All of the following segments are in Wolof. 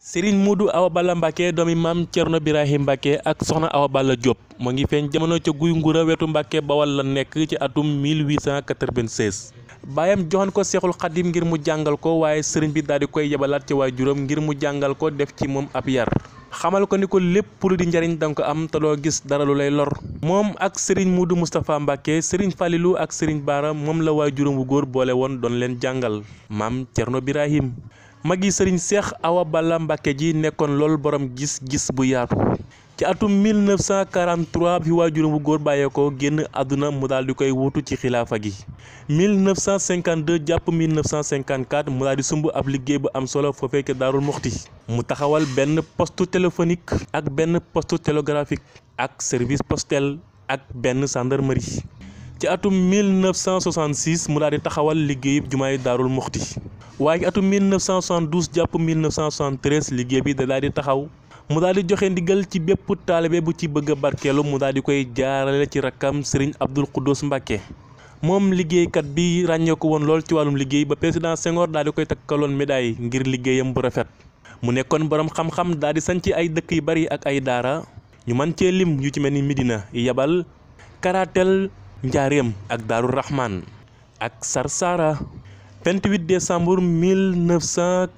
sëriñ Modou Awa Balla Mbacke doomi maam Thierno Birahim Mbacke ak soxna Awa Balla Diop mu ngi feeñ jamono ca guy ngura wetu Mbacke Bawal la nekk ci atum 1896. baayam joxoon ko seexul xadim ngir mu jàngal ko waaye sëriñ bi daal di koy yebalaat ci waajuram ngir mu jàngal ko def ci moom ab yar. xamal ko ni ko lépp lu di njariñ danga ko am te loo gis dara lu lay lor moom ak sëriñ Modou mustafa Mbacke sëriñ falilu ak sëriñ Baara moom la waajuram wu góor boole woon doon leen jàngal maam Thierno Birahim. mag magi sëriñ seex awa balla mbàkke ji nekkoon lool borom gis-gis bu yaatu ci atum 1943 bi waajuram bu góor bàyyeekoo génn àdduna mu daal di koy wuutu ci xilaafa gi 1952 jàpp 1954 mu daal di sumb ab liggéey bu am solo foofee ca daarul moxti mu taxawal benn poste téléphonique ak benn poste télégraphique ak service postel ak benn gendarmerie ci atum 1966 mu daal di taxawal liggéeyub jumaay daarul moxti waaye atum 1972 jàpp 1973 liggéey bi da daal di taxaw mu daal di joxe ndigal ci bépp taalibe bu ci bëgg a barkeelu mu daal di koy jaarale ci rakkam Serigne Abdoul Khoudous Mbacké moom liggéeykat bi ràññeeku woon lool ci wàllum liggéey ba président Senghor daal di koy takkaloon médaille ngir liggéeyam bu rafet mu nekkoon boroom xam-xam daal di ci ay dëkk yu bari ak ay daara ñu man cee lim yu ci mel ni Medina Yabal Karatel Njaareem ak Daaru raxmaan ak Sarsara 28 décembre 1949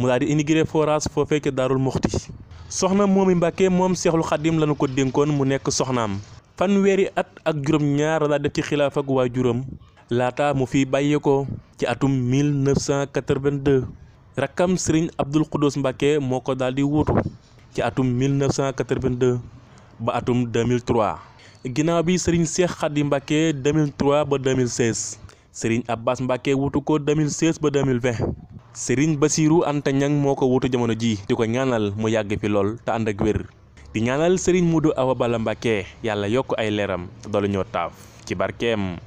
mu daal di inauguré forage foofee ca Daarul Muxti soxna Momy Mbacke moom Seexul Xadim lañu ko dénkoon mu nekk soxnaam fanweeri at ak juróom-ñaar laa def ci xilaaf ak waa juróom laata mu fiy bàyyeekoo ci atum 1982 rakkam Serigne Abdul Khoudous Mbacke moo ko daal di wuutu ci atum 1982 ba atum 2003 ginnaaw bi Serigne Seex Xadim Mbacke 2003 ba 2016. ab Abbas Mbacke wutu ko 2016 ba 2020 Serigne Bassirou Anta Niang moo ko wutu jamono ji di ko ñaanal mu yàgg fi lool te ànd ak wér di ñaanal Serigne du Awa bala Mbacke yàlla yokk ay leeram te doolu ñoo taaf ci barkeem.